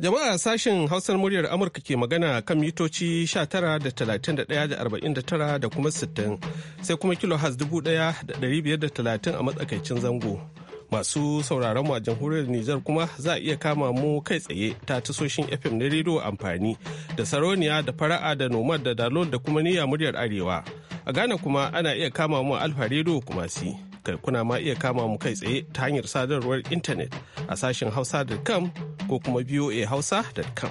Jama'a sashen Hausar muryar Amurka ke magana kan mitoci 19.31.49 da kuma 60 sai kuma kilohaz 1,530 a matsakaicin zango. Masu sauraron mu a jamhuriyar Nijar kuma za a iya kama mu kai tsaye ta tasoshin FM na rediyo amfani da Saroniya da Fara'a da Nomad da Dalol da kuma niyya muryar Arewa. A Ghana kuma ana iya kama mu Alfa rediyo kuma si. kai kuna ma iya kama mu kai tsaye ta hanyar sadarwar intanet a sashen hausa.com ko kuma hausa.com.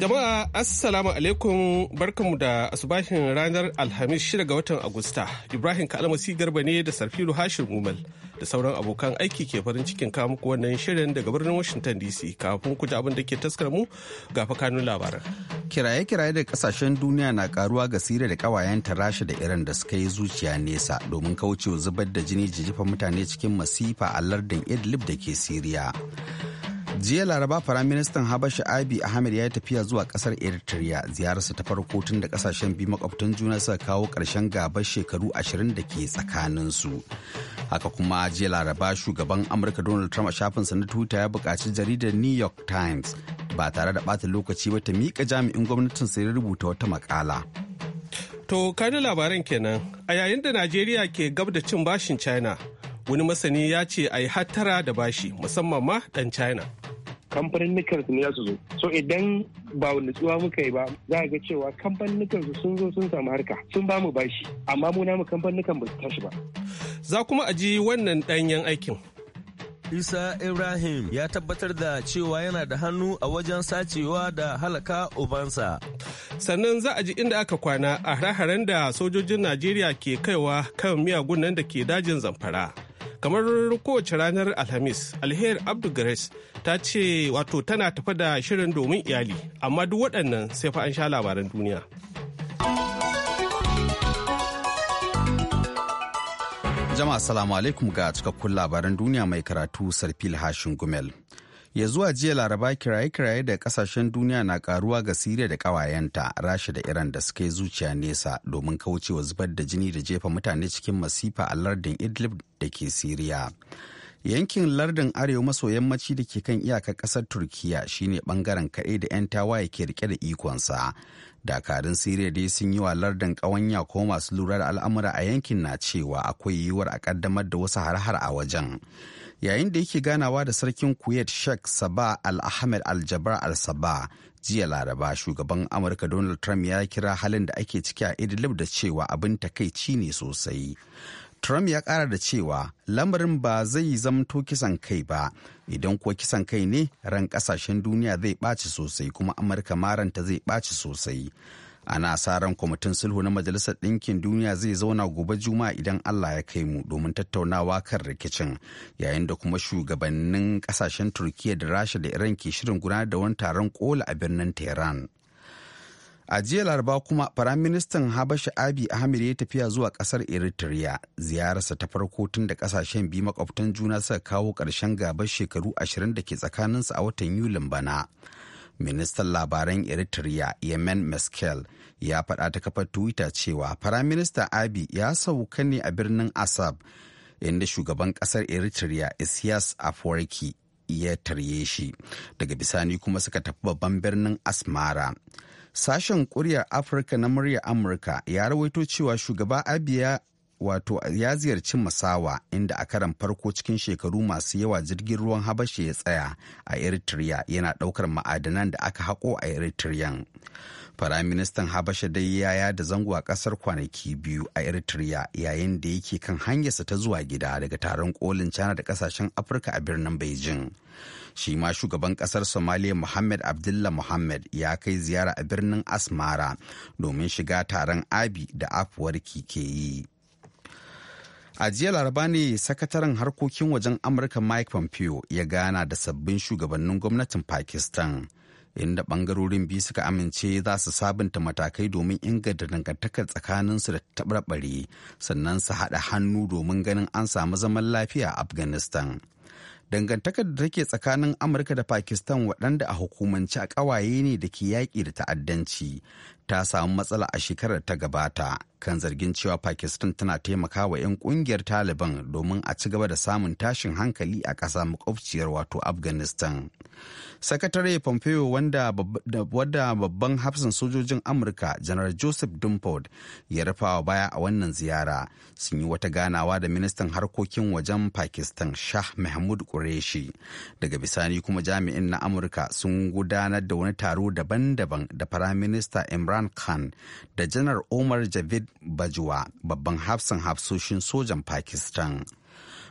Jama'a Assalamu alaikum barkanmu da asubahin ranar Alhamis 6 ga watan Agusta. Ibrahim Kalmasi Garba ne da Sarfilu Hashir Mumal da sauran abokan aiki ke farin cikin kawo muku wannan shirin daga birnin Washington DC kafin ku ji abin da ke taskar mu ga fakanun labaran. Kiraye-kiraye da kasashen duniya na karuwa ga sire da kawayenta Rasha da Iran da suka yi zuciya nesa domin kaucewa zubar da jini jijjifa mutane cikin masifa a lardin Idlib da ke Siriya. jiya laraba firaministan habasha abi ahmed ya yi tafiya zuwa kasar eritrea ziyararsa ta farko tun da kasashen biyu makwabtan juna suka kawo karshen gabar shekaru ashirin da ke tsakaninsu haka kuma jiya laraba shugaban amurka donald trump a shafinsa na twitter ya buƙaci jaridar new york times ba tare da ɓata lokaci ba ta miƙa jami'in gwamnatin ya rubuta wata maƙala to kani labaran kenan a yayin da najeriya ke gab da cin bashin china wani masani ya ce a yi hattara da bashi musamman ma ɗan china kamfanin nukansu ne za su zo so idan ba nutsuwa muka yi ba za a ga cewa kamfanin nukansu sun zo sun samu harka sun ba mu bashi amma mu namu kamfanin ba su tashi ba za kuma a ji wannan danyen aikin Isa Ibrahim ya tabbatar da cewa yana da hannu a wajen sacewa da halaka ubansa. Sannan za a ji inda aka kwana a hare-haren da sojojin Najeriya ke kaiwa kan miyagun nan da ke dajin zamfara. kamar kowace ranar alhamis alheri abdu grace ta ce wato tana tafa da shirin domin iyali amma duk waɗannan sai fa an sha labaran duniya jama'a salamu alaikum ga cikakkun labaran duniya mai karatu sarfil hashin gumel ya zuwa jiya laraba kiraye-kiraye da kasashen duniya na karuwa ga siriya da kawayenta rasha da iran da suka yi zuciya nesa domin kaucewa zubar da jini da jefa mutane cikin masifa a lardin idlib da ke siriya yankin lardin arewa maso yammaci da ke kan iyakar kasar turkiya shine bangaren kaɗai da 'yan tawaye ke rike da ikonsa dakarun siriya dai sun yi wa lardin ƙawanya ko masu lura da al'amura a yankin na cewa akwai yiwuwar a ƙaddamar da wasu har-har a wajen yayin da yake ganawa da sarkin kuwait sheikh sabah al-ahmed al-jabbar al-sabah jiya laraba shugaban amurka donald trump ya kira halin da ake ciki a idlib da cewa abin takaici ne sosai trump ya kara da cewa lamarin ba zai zamto kisan kai ba idan kuwa kisan kai ne ran kasashen duniya zai ɓaci sosai kuma amurka maranta zai ɓaci sosai ana sa kwamitin sulhu na majalisar ɗinkin duniya zai zauna gobe juma'a idan allah ya kai mu domin tattaunawa kan rikicin yayin da kuma shugabannin ƙasashen turkiya da rasha da iran ke shirin gudanar da wani taron kola a birnin tehran a jiya laraba kuma firaministan habasha abi ahmed ya tafiya zuwa kasar eritrea ziyararsa ta farko tun da kasashen biyu makwabtan juna suka kawo ƙarshen gabar shekaru ashirin da ke tsakaninsu a watan yulin bana ministan labaran eritrea yemen meskel ya faɗa ta kafar twitter cewa firaminista abi ya sauka ne a birnin asab inda shugaban ƙasar eritrea isias afwerki ya tarye shi daga bisani kuma suka tafi babban birnin asmara sashen kuryar afirka na murya amurka ya rawaito cewa shugaba abiya wato ya ziyarci Masawa inda a karan farko cikin shekaru masu yawa jirgin ruwan habashe ya tsaya a Eritrea yana ɗaukar ma'adanan da aka haƙo a Eritrean. Firaministan Habasha dai ya yada zango a ƙasar kwanaki biyu a Eritrea yayin da yake kan hanyarsa ta zuwa gida daga taron kolin China da ƙasashen Afirka a birnin Beijing. Shi ma shugaban ƙasar Somalia mohamed Abdullah mohamed ya kai ziyara a birnin Asmara domin shiga taron Abi da afuwar ke yi. a jiya laraba ne sakataren harkokin wajen amurka mike pompeo ya gana da sabbin shugabannin gwamnatin pakistan inda bangarorin biyu suka amince za su sabunta matakai domin inganta dangantakar tsakaninsu da taɓarɓare sannan su haɗa hannu domin ganin an samu zaman lafiya a afghanistan dangantakar da take tsakanin amurka da pakistan waɗanda a hukumance a ƙawaye ne da ke yaƙi da ta'addanci ta samu matsala a shekarar ta gabata kan zargin cewa pakistan tana taimakawa 'yan kungiyar taliban domin a ci gaba da samun tashin hankali a ƙasa makwabciyar wato afghanistan sakatare pompeo wanda babban hafsan sojojin amurka janar joseph dunford ya rufawa baya a wannan ziyara sun yi wata ganawa da ministan harkokin wajen pakistan shah mahmud qureshi daga bisani kuma jami'in na amurka sun gudanar da wani taro daban-daban da firaminista imran Imran Khan da janar Omar Javid Bajwa babban hafsan hafsoshin sojan Pakistan.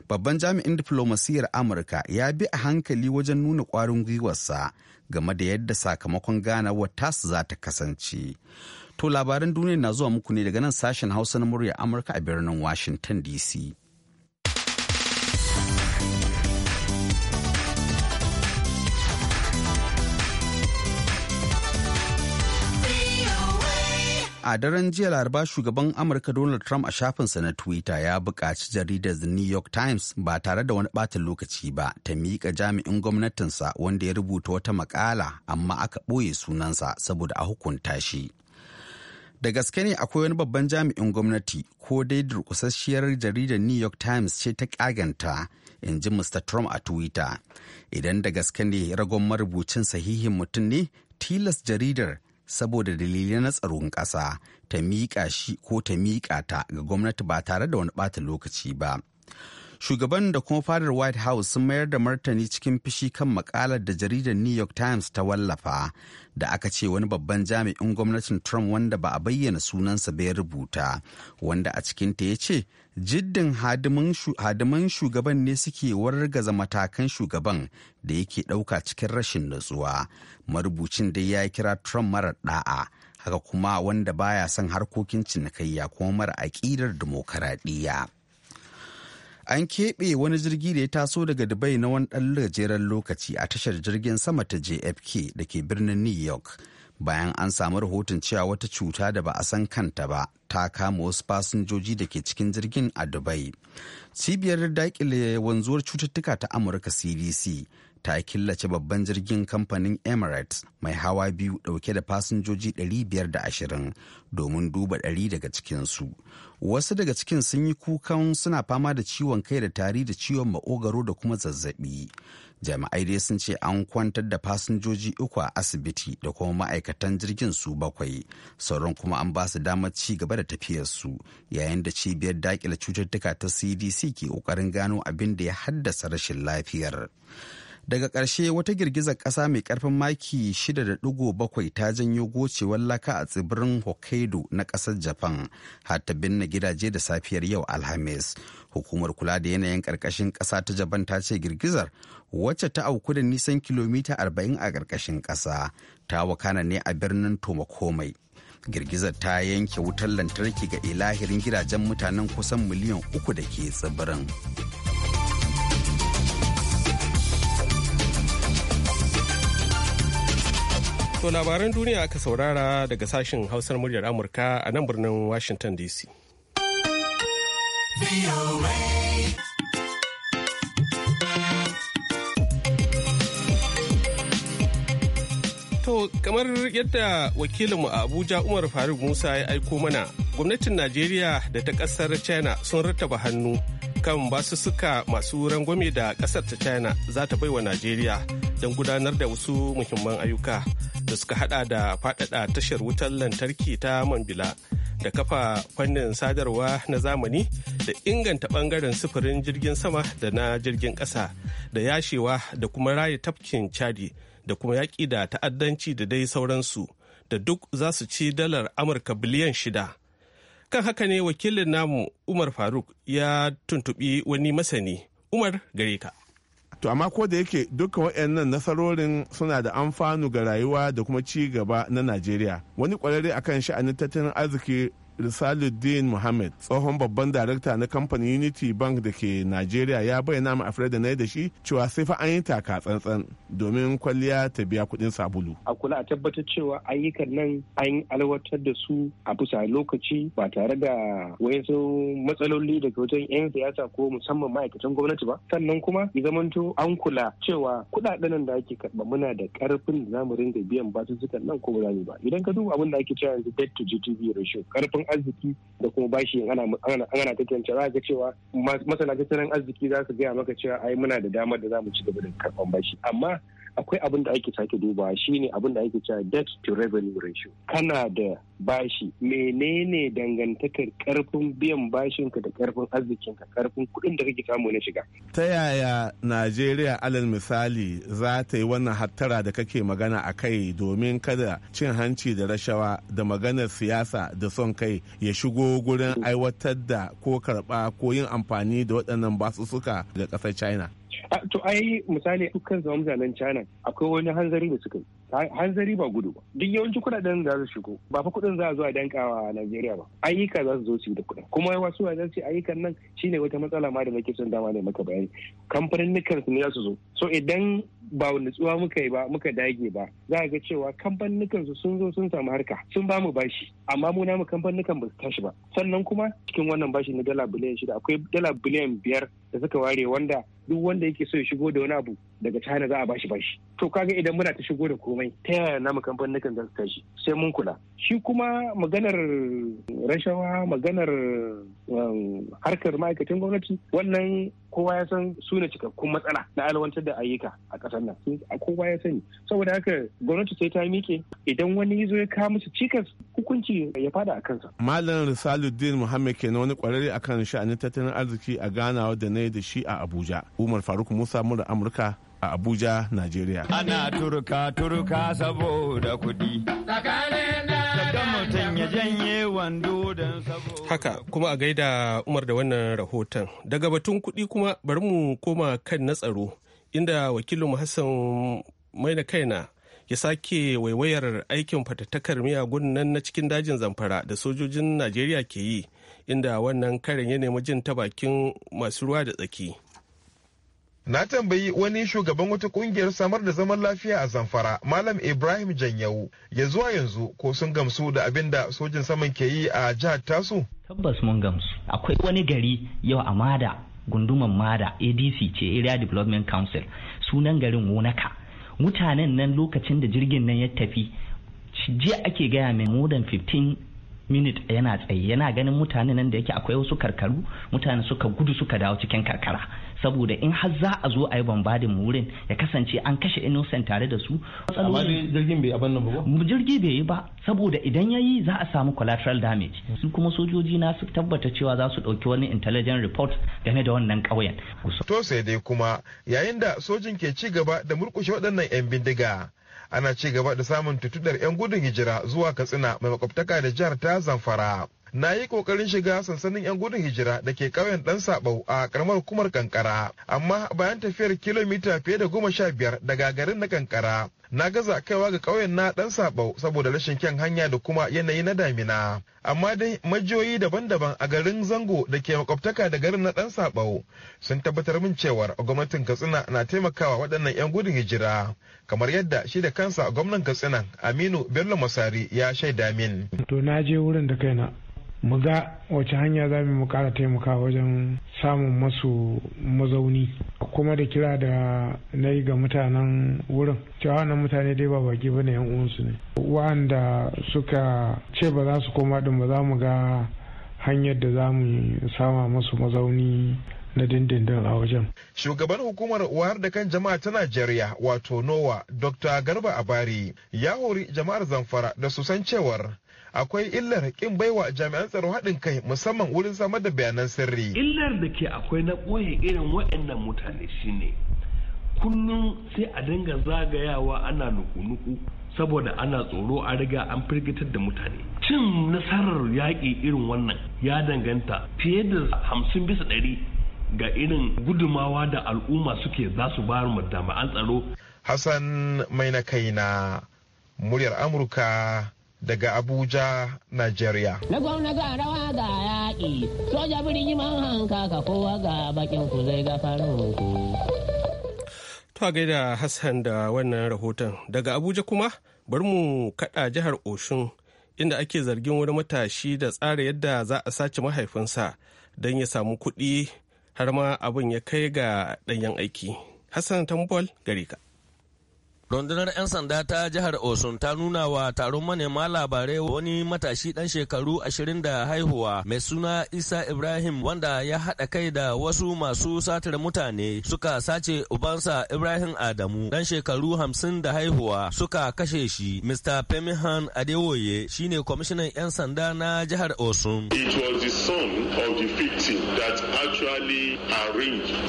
Babban jami'in diflomasiyyar Amurka ya bi a hankali wajen nuna ƙwarin gwiwarsa game da yadda sakamakon ganawar tasu za ta kasance. To labaran duniya na zuwa muku ne daga nan sashen Hausa na murya Amurka a birnin Washington DC. a daren jiya laraba shugaban amurka donald trump a shafinsa na twitter ya buƙaci jaridar the new york times ba tare da wani ɓata lokaci ba ta miƙa jami'in gwamnatinsa wanda ya rubuta wata maƙala amma aka ɓoye sunansa saboda a hukunta shi da gaske ne akwai wani babban jami'in gwamnati ko dai durkusasshiyar jaridar new york times ce ta ƙaganta in ji mr trump a twitter idan da gaske ne ragon marubucin sahihin mutum ne tilas jaridar saboda dalilai na tsaron ƙasa ta miƙa shi ko ta miƙa ta ga gwamnati ba tare da wani ɓata lokaci ba. Shugaban da kuma fadar White House sun mayar da martani cikin fushi kan makalar da jaridar New York Times ta wallafa da aka ce wani babban jami'in gwamnatin Trump wanda ba a bayyana sunansa bai rubuta, wanda a cikinta ya ce jiddin hadiman shugaban ne suke wargaza matakan shugaban da yake ɗauka cikin rashin nutsuwa marubucin dai ya kira trump mara ɗa'a haka kuma wanda baya son harkokin cinikayya kuma mara aƙidar dimokuraɗiyya an keɓe wani jirgi da ya taso daga dubai na wani ɗan gajeren lokaci a tashar jirgin sama ta jfk da ke birnin new york bayan an samu rahoton cewa wata cuta da ba a san kanta ba ta kama wasu fasinjoji da ke cikin jirgin a dubai cibiyar daƙile wanzuwar cututtuka ta amurka cdc ta killace babban jirgin kamfanin emirates mai hawa biyu dauke da fasinjoji 520 domin duba ɗari daga cikinsu wasu daga cikin sun yi kukan suna fama da ciwon kai da tari da ciwon maogaro da kuma zazzabi jami'ai dai sun ce an kwantar da fasinjoji uku a asibiti da kuma ma'aikatan jirgin su bakwai sauran kuma an ba su damar ci gaba da tafiyarsu yayin da cibiyar dakila cututtuka ta cdc ke ƙoƙarin gano abin da ya haddasa rashin lafiyar daga ƙarshe wata girgizar ƙasa mai ƙarfin maki 6.7 ta janyo gocewar laka a tsibirin hokkaido na ƙasar japan har ta binne gidaje da safiyar yau alhamis hukumar kula da yanayin ƙarƙashin ƙasa ta japan ta ce girgizar wacce ta auku da nisan kilomita 40 a ƙarƙashin ƙasa ta wakana ne a birnin tomakomai girgizar ta yanke wutar lantarki ga ilahirin gidajen mutanen kusan miliyan uku da ke tsibirin. To labaran duniya aka saurara daga sashen hausar muryar Amurka a nan birnin Washington DC. To kamar yadda wakilinmu a Abuja Umar Faruk Musa ya aiko mana, gwamnatin Najeriya da ta ƙasar China sun rattaba hannu kan basu suka masu rangwame da ƙasar ta China za ta baiwa Najeriya. don gudanar da wasu muhimman ayyuka da suka hada da faɗaɗa tashar wutar lantarki ta Mambila da kafa fannin sadarwa na zamani da inganta ɓangaren sufurin jirgin sama da na jirgin ƙasa da yashewa da kuma raye tafkin Chadi da kuma yaƙi da ta'addanci da dai sauransu da duk za su ci dalar Amurka biliyan shida. Kan haka ne wakilin namu Umar Faruk ya tuntuɓi wani masani. Umar gare ka. to amma ko da yake dukkan waɗannan nasarorin suna da amfanu ga rayuwa da kuma ci gaba na najeriya wani kwararre akan sha'anin tattalin arziki risaluddin muhammad tsohon babban darakta na kamfanin unity bank da ke nigeria ya bayyana ma afirka na da shi cewa sai fa an yi taka tsantsan domin kwalliya ta biya kudin sabulu a kula a tabbatar cewa ayyukan nan an alwatar da su a bisa lokaci ba tare da wasu matsaloli daga wajen 'yan siyasa ko musamman ma'aikatan gwamnati ba sannan kuma ya zamanto an kula cewa kuɗaɗen nan da ake karɓa muna da karfin da za mu ringa biyan basussukan nan ko ba za mu ba idan ka duba abin da ake cewa yanzu debt to GDP ratio karfin arziki da kuma bashi ana ana tantance za ga cewa masana tattalin arziki za su gaya maka cewa ai muna da damar da za mu ci gaba da karɓan bashi amma akwai abin da ake sake dubawa shine abin da ake cewa debt to revenue ratio kana da bashi menene dangantakar karfin biyan bashinka da karfin arzikinka karfin kuɗin da kake samu na shiga ta yaya najeriya alal misali za ta yi wannan hattara da kake magana a kai domin kada cin hanci da rashawa da maganar siyasa da son kai ya shigo gurin aiwatar da ko karba ko yin amfani da waɗannan basussuka ga ƙasar china to ai misali su kan zama mutanen china akwai wani hanzari da suka hanzari ba gudu ba duk yawancin kudaden za su shigo ba fa kudin za a zo a dankawa a najeriya ba ayyuka za su zo su yi da kudin kuma yawa su zan su ayyukan nan shine wata matsala ma da nake son dama ne maka bayani kamfanin su ne za su zo so idan ba nutsuwa muka yi ba muka dage ba za a ga cewa kamfanin su sun zo sun samu harka sun ba mu bashi amma mu namu kamfanin ba su tashi ba sannan kuma cikin wannan bashi na dala biliyan shida akwai dala biliyan biyar da suka ware wanda duk wanda yake so ya shigo da wani abu daga china za a bashi bashi to kaga idan muna ta shigo da komai ta yaya namu kamfanin za su tashi sai mun kula shi kuma maganar rashawa maganar um, harkar ma'aikatan gwamnati wannan kowa ya san su ne cikakkun matsala na alwantar da ayyuka a ƙasar nan kowa ya sani saboda haka gwamnati sai ta miƙe idan wani ya zo ya kawo musu cikas hukunci ya fada a kansa malam risaluddin muhammad na wani kwararre akan sha'anin tattalin arziki a ganawa da na yi da shi a abuja umar faruk musa mura amurka a Abuja, Najeriya. Ana turka turka saboda kudi. Haka kuma a gaida Umar da wannan rahoton. Daga batun kuɗi kuma bari mu koma kan na tsaro inda wakilin Hassan maina kaina ya sake waiwayar aikin fatattakar miyagun nan na cikin dajin zamfara da sojojin Najeriya ke yi inda wannan karin ya nemi jin ta bakin masu ruwa da tsaki. Na tambayi wani shugaban wata kungiyar samar da zaman lafiya a Zamfara, Malam Ibrahim Janyau, ya zuwa yanzu ko sun gamsu da abin da sojin saman ke yi a jihar tasu? Tabbas mun gamsu. Akwai wani gari yau a Mada, gunduman Mada, ADC ce Area Development Council, sunan garin Wonaka. Mutanen nan lokacin da jirgin nan ya tafi, jiya ake gaya mai more than 15 minute yana tsaye yana ganin mutanen nan da yake akwai wasu karkaru mutane suka gudu suka dawo cikin karkara saboda in har za a zo a yi bambadin wurin ya kasance an kashe innocent tare da su amma jirgin bai abin nan ba jirgi bai yi ba saboda idan yayi za a samu collateral damage mm. su kuma sojoji na su tabbata cewa za su ɗauki wani intelligent report game da wannan ƙauyen to sai dai kuma yayin da sojin ke ci gaba da murkushe waɗannan 'yan bindiga ana ci gaba da samun tutudar 'yan gudun hijira zuwa katsina mai makwabtaka da jihar ta zamfara na yi kokarin shiga sansanin 'yan gudun hijira da ke ƙauyen ɗan sabau a karamar hukumar kankara amma bayan tafiyar kilomita fiye da goma sha biyar daga garin na kankara na gaza kaiwa ga ƙauyen na ɗan sabau saboda rashin kyan hanya da kuma yanayi na damina amma dai majiyoyi daban-daban a garin zango da ke makwabtaka da garin na ɗan sabau sun tabbatar min cewar gwamnatin katsina na taimakawa waɗannan 'yan gudun hijira kamar yadda shi da kansa gwamnan katsina aminu bello masari ya shaida min to na je wurin da kaina mu ga wace hanya za mu kara taimaka wajen samun masu mazauni kuma da kira da na yi ga mutanen wurin cewa wannan mutane dai ba baki ne yan uwansu ne wa'anda suka ce ba za su koma din ba za mu ga hanyar da za mu sama masu mazauni na dindindin a wajen. Shugaban hukumar wayar da kan jama'a ta Najeriya wato NOWA Dr. Garba Abari ya hori jama'ar Zamfara da su san cewar akwai illar kin baiwa jami'an tsaro haɗin kai musamman wurin samar da bayanan sirri. Illar da ke akwai na ɓoye irin waɗannan mutane shine kullum sai a dinga zagayawa ana nuku-nuku saboda ana tsoro a riga an firgitar da mutane. Cin nasarar yaƙi irin wannan ya danganta fiye da hamsin bisa ɗari ga irin gudumawa da al'umma suke za su bayar mu jami'an tsaro. Hassan mai na kai na muryar Amurka daga Abuja, Najeriya. Na gwamna ga rawa ga yaƙi, soja birni man hanka ka kowa ga bakin ku zai gafarin ku. To gaida Hassan da wannan rahoton daga Abuja kuma bari mu kaɗa jihar Oshun inda ake zargin wani matashi da tsara yadda za a sace mahaifinsa don ya samu kuɗi har ma abin ya kai ga ɗanyen aiki. Hassan Tambol gare ka. Rundunar 'yan sanda ta jihar Osun ta nuna wa taron manema labarai wani matashi dan shekaru ashirin da haihuwa mai suna Isa Ibrahim wanda ya haɗa kai da wasu masu satar mutane suka sace ubansa Ibrahim Adamu dan shekaru hamsin da haihuwa suka kashe shi. Mr. Femihan Adewoye shine kwamishinan 'yan sanda na jihar Osun. It was the of the that actually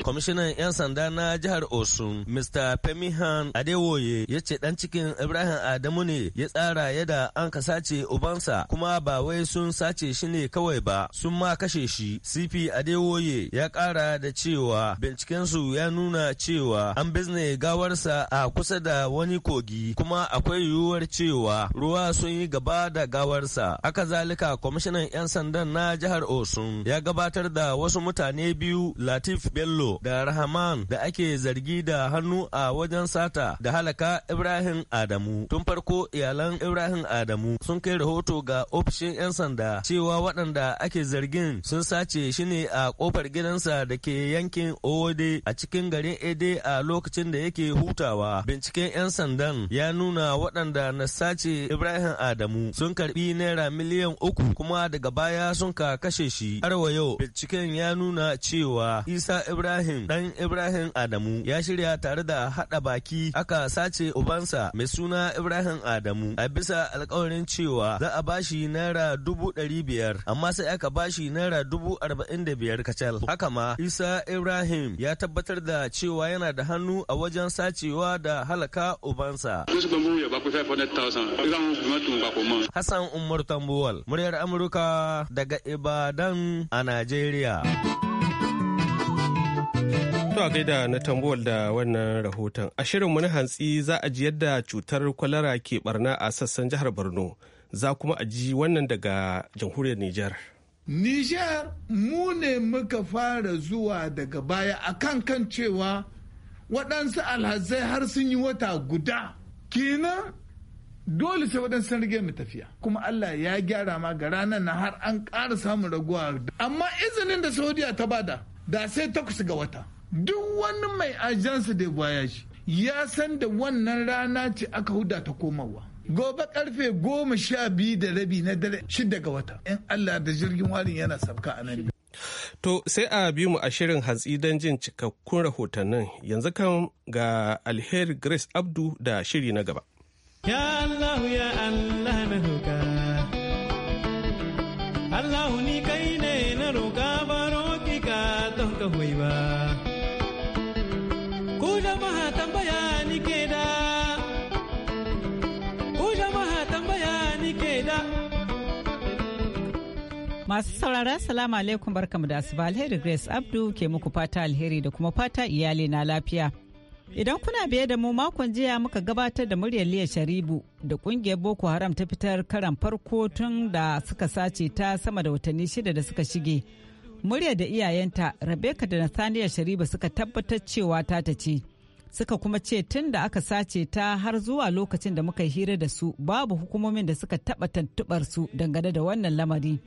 Kwamishinan 'yan sanda na jihar Osun Mr. Femihan Adewoye ya ce dan cikin ibrahim adamu ne ya tsara yadda an ka sace ubansa kuma ba wai sun sace shi ne kawai ba sun ma kashe shi cp adewoye ya kara da cewa bincikensu ya nuna cewa an bizne gawarsa a kusa da wani kogi kuma akwai yiwuwar cewa ruwa sun yi gaba da gawarsa haka zalika kwamishinan 'yan sandan na jihar osun ya gabatar da wasu mutane biyu latif bello da rahman da ake zargi da hannu a wajen sata da halaka kaka Ibrahim Adamu. Tun farko iyalan Ibrahim Adamu sun kai rahoto ga ofishin 'yan sanda cewa waɗanda ake zargin sun sace shi ne a kofar gidansa da ke yankin Owode a cikin garin Ede a lokacin da yake hutawa. Binciken 'yan sandan ya nuna waɗanda na sace Ibrahim Adamu sun karɓi naira miliyan uku kuma daga baya sun ka kashe shi. Har wa yau binciken ya nuna cewa Isa Ibrahim ɗan Ibrahim Adamu ya shirya tare da haɗa baki aka sace ce ubansa mai suna Ibrahim Adamu a bisa alkawarin cewa za a bashi naira dubu ɗari biyar amma sai aka bashi naira dubu arba'in da biyar kacal. Haka ma Isa Ibrahim ya tabbatar da cewa yana da hannu a wajen sacewa da halaka ubansa. Hassan Umar Tambuwal, muryar Amurka daga Ibadan a Najeriya. To a gaida na tambuwal da wannan rahoton. A shirinmu na hantsi za a ji yadda cutar kwalara ke barna a sassan jihar Borno. Za kuma a ji wannan daga jamhuriyar Nijar. Nijar mu ne muka fara zuwa daga baya a kan kan cewa waɗansu alhazai har sun yi wata guda. Kenan dole sai waɗansu sun mu tafiya kuma Allah ya gyara ma ga ranar na har an ƙara samun raguwa amma izinin da Saudiya ta bada da sai takwas ga wata duk wani mai ajansa da baya shi ya san da wannan rana ce aka huda ta komawa gobe karfe goma sha biyu da rabi na dare shida ga wata in allah da jirgin warin yana sabka a nan To sai a bi mu a shirin hantsi don jin cikakkun rahotannin yanzu kan ga alheri Grace Abdu da shiri na gaba. Ya Allah ya Allah na Allah ni kai ne na roƙa baro ki ka don ka ba. ku jama'a tambaya ni ke da ku jama'a tambaya ni ke da Masu saurara salamu alaikum barkamu da asuba alheri Grace Abdu ke muku fata alheri da kuma fata iyali na lafiya. Idan kuna biye da mu makon jiya muka gabatar da muryar Liya Sharibu da kungiyar Boko Haram ta fitar karan farko tun da suka sace ta sama da watanni shida da suka shige. murya da iyayenta Rebecca da Nathaniel Shariba suka tabbatar cewa ta ta ce. Suka kuma ce tun da aka sace ta har zuwa lokacin da muka hira da su babu hukumomin da suka taba tantubar su dangane da wannan lamari.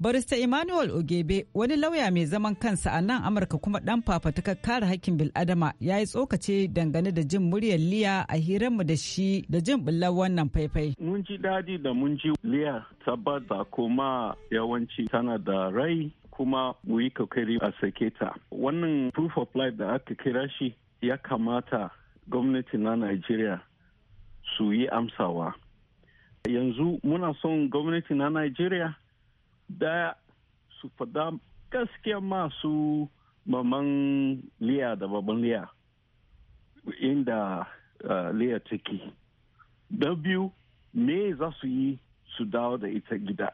Barista Emmanuel Ogebe wani lauya mai zaman kansa a nan Amurka kuma dan fafatukar kare hakkin bil'adama ya yi tsokace dangane da jin muryar Liya a hiranmu da shi da jin bullar wannan faifai. Mun ji daɗi da mun ji Liya tabbata kuma yawanci tana da rai kuma mu yi kokari a sake ta wannan proof of life da aka kira shi ya kamata gwamnati na Najeriya su yi amsawa yanzu muna son gwamnati na Najeriya da su fada gaskiya masu maman liya da baban liya inda eh, liya take da biyu me za su yi su dawo da ita gida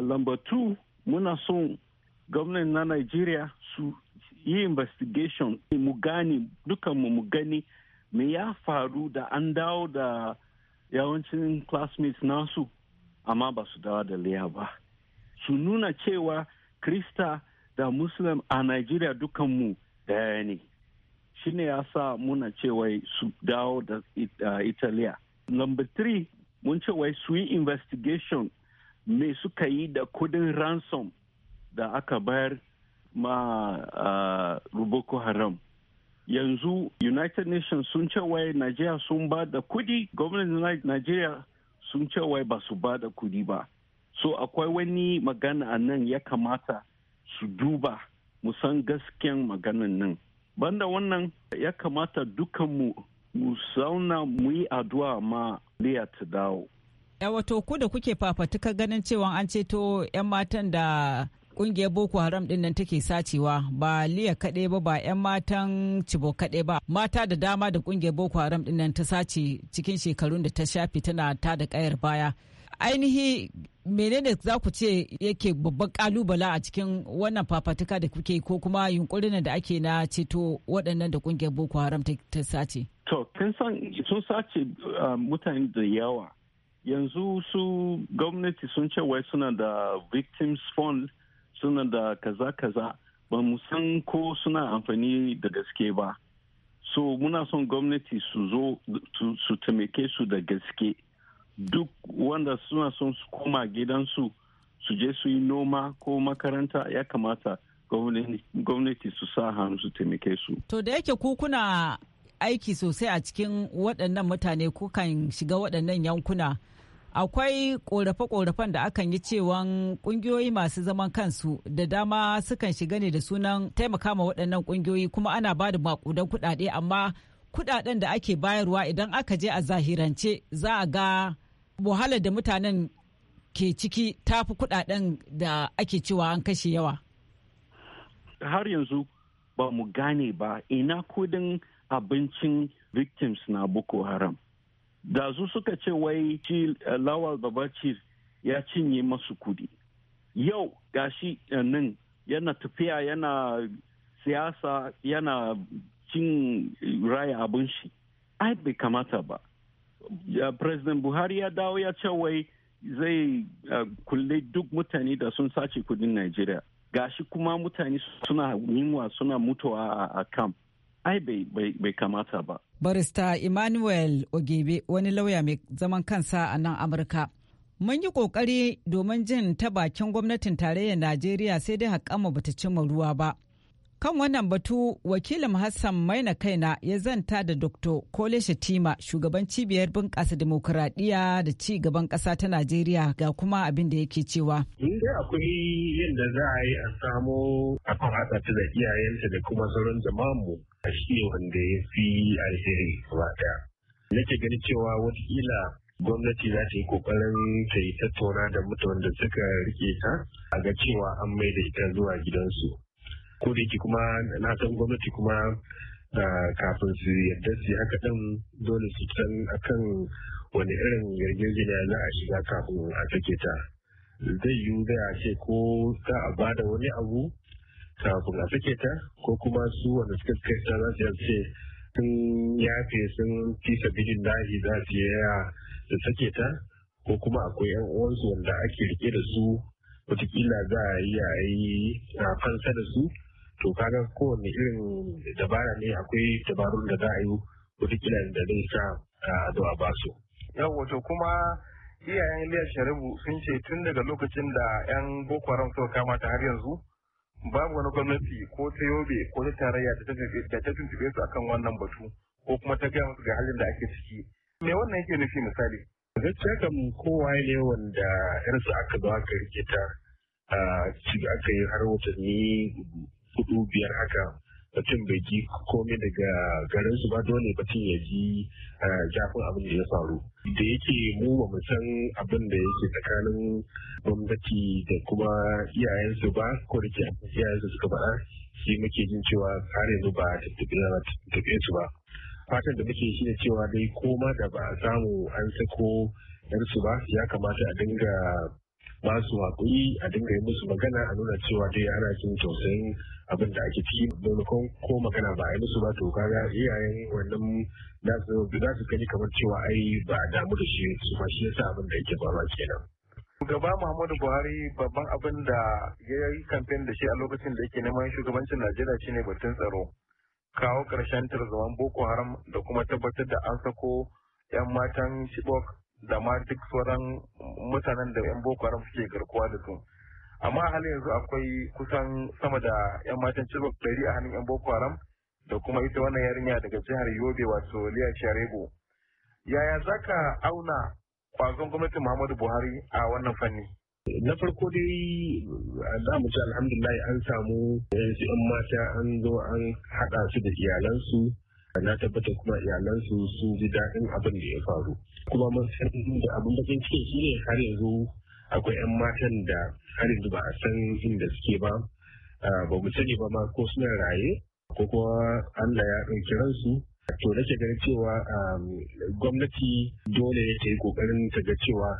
lamba eh, muna son gwamnati na nigeria su yi investigation mu gani dukanmu mu gani me ya faru da an dawo da yawancin classmates nasu amma ba su dawo da liya ba su nuna cewa krista da muslim a nigeria dukanmu daya ne shine ya sa muna cewa su dawo da uh, italiya number three mun cewa su yi investigation me suka yi da kudin ransom da aka bayar ma uh, Haram. Yanzu United Nations sun ce wai Najeriya sun ba da kudi, gwamnatin Najeriya sun ce wai ba su ba da kudi ba. So akwai wani magana a nan ya kamata su duba musan gaskiyan maganan nan. Banda wannan ya kamata dukanmu mu sauna mu yi addu'a ma Liya ta dawo. ya eh, wato ku da kuke fafatuka ganin cewa an ceto 'yan matan da kungiyar boko haram din nan take sacewa ba liya kaɗai ba ba 'yan matan cibo kaɗai ba mata da dama da kungiyar boko haram din nan ta sace cikin shekarun da ta shafi tana ta da kayar baya ainihi menene za ku ce yake babban kalubala a cikin wannan fafatuka da kuke ko kuma yunkurin da ake na ceto waɗannan da kungiyar boko haram ta sace to kin san sun sace ah, mutane da yawa yanzu su gwamnati sun ce wai suna da victims fund suna da kaza-kaza ba mu san ko suna amfani da gaske ba so muna son gwamnati su zo su taimake su da gaske duk wanda suna son su koma gidansu su je su yi noma ko makaranta ya kamata gwamnati su sa hannu su taimake su to da yake ku kuna aiki sosai a cikin waɗannan mutane ko kan shiga waɗannan yankuna akwai korafe-korafen da akan yi cewan kungiyoyi masu zaman kansu da dama sukan shiga ne da sunan taimakawa waɗannan kungiyoyi kuma ana ba da makudan kuɗaɗe amma kuɗaɗen da ake bayarwa idan aka je a zahirance za a ga wahalar da mutanen ke ciki tafi kuɗaɗen da ake cewa an kashe yawa. Har yanzu ba mu gane ba ina kudin abincin victims na Boko Haram. da su suka ce wai ci eh, lawal babacir ya cinye masu kudi yau gashi eh, nan yana tafiya yana siyasa yana cin eh, raya abin shi ai bai kamata ba president buhari ya dawo ya ce wai zai kulle duk mutane da sun sace kudin nigeria gashi kuma mutane suna yinwa suna mutuwa a camp ai bai kamata ba barista emmanuel ogebe wani lauya mai zaman kansa a nan amurka mun yi ƙoƙari domin jin ta bakin gwamnatin tarayyar najeriya sai dai haƙama bata cima ruwa ba kan wannan batu wakilin hassan maina kaina ya zanta da dr kole shatima shugaban cibiyar bunƙasa demokuraɗiyya da ci gaban ƙasa ta najeriya ga kuma abin da yake cewa inda akwai yadda za a yi a samo a da iyayenta da kuma sauran mu. shi wanda ya fi alheri gaba daya nake ganin cewa watakila gwamnati za ta yi kokarin ta yi tattauna da mutanen da suka rike ta a ga cewa an mai da ita zuwa gidansu ko da yake kuma na san gwamnati kuma kafin su yadda su haka ɗin dole su san akan wani irin yarjejeniya za a shiga kafin a take ta zai yiwu da a ce ko za a bada wani abu kafin a sake ta ko kuma su wanda suka kai ta za su ce sun yafe sun fi sabidin lahi za su yaya da sake ta ko kuma akwai yan uwansu wanda ake rike da su wataƙila za a yi a yi fansa da su to kaga kowane irin dabara ne akwai dabarun da za a yi wataƙila da zai sa zuwa ba su. yawwa to kuma iyayen liyar Sharibu sun ce tun daga lokacin da 'yan Boko Haram suka kama ta har yanzu babu wani gwamnati ko ta yobe ko ta tarayya da ta tuntube su akan wannan batu ko kuma ta gaya musu ga halin da ake ciki me wannan yake nufi misali gaskiya mu kowa ne wanda yarsa aka zo aka rike ta a aka yi har watanni hudu biyar haka mutum bai ji komai daga garin su ba dole mutum ya ji jafin eh, abin da ya faru da yake mu ba mu san abin da yake tsakanin gwamnati da kuma iyayensu ba ko da ke iyayensu suka faɗa shi muke jin cewa har yanzu ba tattaɓe su ba fatan da muke shi da cewa dai koma da ba a samu an sako yarsu ba ya kamata a dinga ba su haƙuri a dinga yi musu magana a nuna cewa dai ana jin tausayin abin da ake ciki maimakon ko magana ba a musu ba to kaga iyayen wannan za su gani kamar cewa ai ba a damu da shi su ma shi yasa abin da yake faruwa kenan. Shugaba Muhammadu Buhari babban abin da ya yi kamfen da shi a lokacin da yake neman shugabancin Najeriya shine batun tsaro. Kawo karshen tarzoman Boko Haram da kuma tabbatar da an sako 'yan matan Chibok da ma duk sauran mutanen da 'yan Boko Haram suke garkuwa da su. amma a halin yanzu akwai kusan sama da yan matan cibok ɗari a hannun yan boko haram da kuma ita wannan yarinya daga jihar yobe wato liya sharebo yaya za ka auna kwazon gwamnatin muhammadu buhari a wannan fanni na farko dai za mu ci alhamdulillah an samu yanzu yan mata an zo an haɗa su da iyalansu na tabbata kuma iyalansu sun ji daɗin abin da ya faru kuma mun san da abin bakin shi shine har yanzu akwai 'yan matan da har yanzu ba a san inda suke ba ba mu sani ba ma ko suna raye ko kuma Allah ya ɗauki ransu to nake ganin cewa gwamnati dole ta yi kokarin ta ga cewa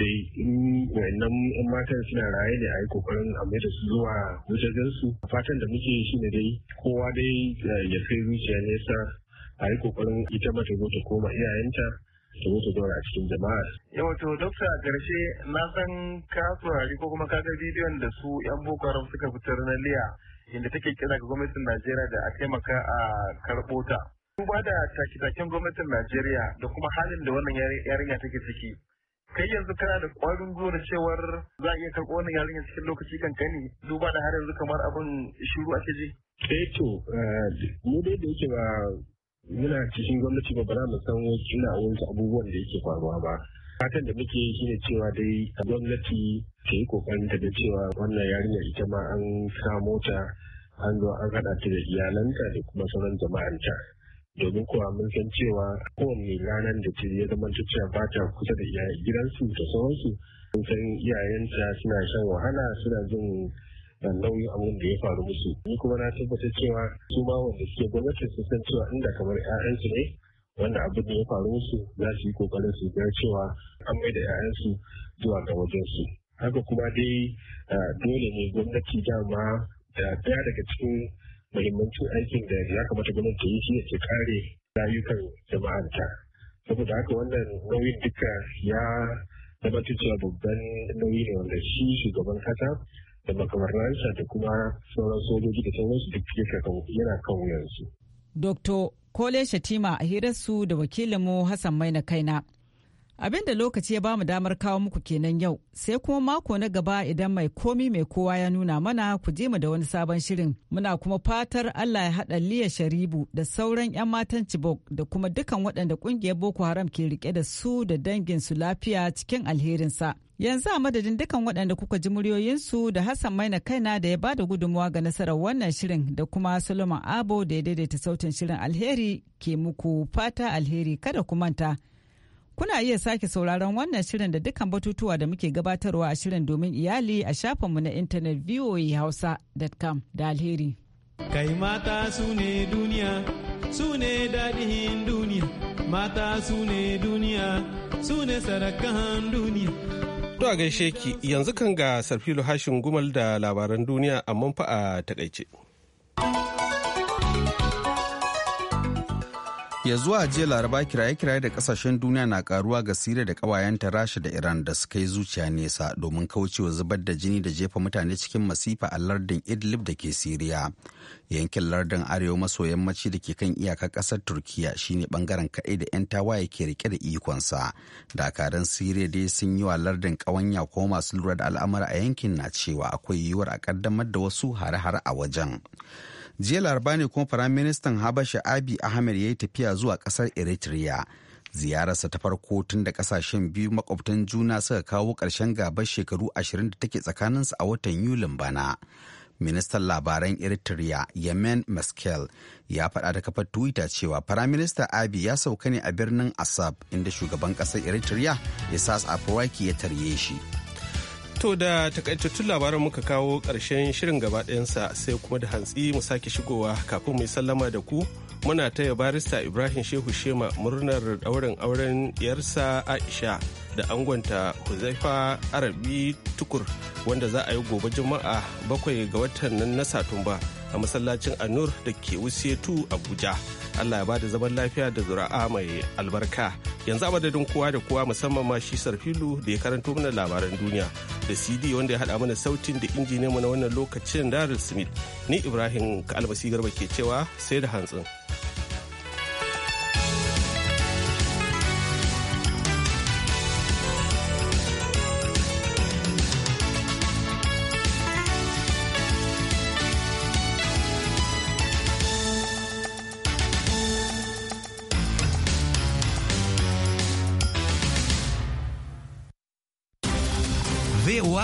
dai in wayannan 'yan matan suna raye ne a yi kokarin a mai da su zuwa su fatan da muke shi ne dai kowa dai ya kai zuciya nesa a yi kokarin ita mata zo ta koma iyayenta su zo ta a cikin jama'a. Yau eh, dokta a ƙarshe na san ka saurari ko kuma ka ga bidiyon da su 'yan Boko Haram suka fitar na Liya inda take kira ga gwamnatin Najeriya da a taimaka a karɓo ta. Duba da take-taken gwamnatin Najeriya da kuma halin da wannan yarinya take ciki. Kai yanzu kana da ƙwarin gwiwa cewar za a iya karɓo wannan yarinya cikin lokaci kankani duba da har yanzu kamar abin shiru ake ji. Eh to, eh, mu dai da yake ba muna cikin gwamnati ba za mu san wasu wasu abubuwan da yake faruwa ba fatan da muke yi shine cewa dai gwamnati ta yi kokarin ta da cewa wannan yarinya ita ma an samo ta an zo an haɗa ta da iyalanta da kuma sauran jama'anta domin kuwa mun san cewa kowane ranar da ce ya zama cewa ba ta kusa da gidansu da sauransu mun san iyayenta suna shan wahala suna jin da nauyin abin da ya faru musu ni kuma na tabbatar cewa su ma wanda suke gwamnati su san cewa inda kamar 'ya'yansu ne wanda abin da ya faru musu za su yi kokarin su ga cewa an mai da 'ya'yansu zuwa ga wajensu haka kuma dai dole ne gwamnati dama da daya daga cikin muhimmancin aikin da ya kamata gwamnati ta yi shi ne kare rayukan jama'anta saboda haka wannan nauyin duka ya zama cewa babban nauyi ne wanda shi shugaban kasa da makamarnansa da kuma sauran sojoji da sauransu duk yake yana kan wuyansu. Dr. Kole Shatima a hirarsu da wakilinmu Hassan Maina Kaina. Abin da lokaci ya ba mu damar kawo muku kenan yau, sai kuma mako na gaba idan mai komi mai kowa ya nuna mana ku je mu da wani sabon shirin. Muna kuma fatar Allah ya haɗa Liya Sharibu da sauran 'yan matan Chibok da kuma dukan waɗanda ƙungiyar Boko Haram ke rike da su da danginsu lafiya cikin alherinsa. Yanzu a madadin dukan waɗanda kuka ji muryoyinsu da Hassan Maina kaina da ya ba da gudunmawa ga nasarar wannan shirin da kuma Solomon Abo da ya daidaita sautin shirin alheri ke muku fata alheri kada ku manta. Kuna iya sake sauraron wannan shirin da dukkan batutuwa da muke gabatarwa a shirin domin iyali a shafinmu na intanet voahausa.com da alheri. Kai mata su ne duniya, su ne daɗin duniya, mata su ne duniya, su ne sarakan duniya. To a gaishe ki yanzu kan ga Sarfilu Hashin Gumal da labaran duniya amma fa a takaice. ya zuwa jiya laraba kiraye-kiraye da kasashen duniya na karuwa ga siriya da kawayenta rasha da iran da suka yi zuciya nesa domin kaucewa zubar da jini da jefa mutane cikin masifa a lardin idlib da ke siriya yankin lardin arewa maso yammaci da ke kan iyakar kasar turkiya shine bangaren kaɗai da 'yan tawaye ke rike da ikonsa dakarun siriya dai sun yi wa lardin kawanya ko masu lura da al'amura a yankin na cewa akwai yiwuwar a kaddamar da wasu hare-hare a wajen jiya laraba ne kuma firaministan habasha abi ahmed ya yi tafiya zuwa kasar eritrea ziyararsa ta farko tun da kasashen biyu makwabtan juna suka kawo ƙarshen gabar shekaru ashirin da take tsakaninsu a watan yulin bana ministan labaran eritrea yemen meskel ya faɗa da kafar twitter cewa firaminista abi ya sauka ne a birnin asab inda shugaban ƙasar eritrea isas afwerki ya tarye shi To da takaitattun labaran muka kawo ƙarshen shirin gaba ɗayansa sai kuma da hantsi mu sake shigowa kafin mu sallama da ku muna taya barista Ibrahim Shehu Shema murnar ɗaurin auren yarsa Aisha da angonta Huzaifa Arabi Tukur wanda za a yi gobe Juma'a bakwai ga watan nan na Satumba a masallacin Anur da ke Wusetu Abuja. Allah ya bada zaman lafiya da zura'a mai albarka. Yanzu a madadin kowa da kowa musamman ma shi Sarfilu da ya karanto mana labaran duniya da CD wanda ya haɗa mana sautin da mu na wannan lokacin Daryl Smith. Ni Ibrahim Kalmasi Garba ke cewa sai da hantsin.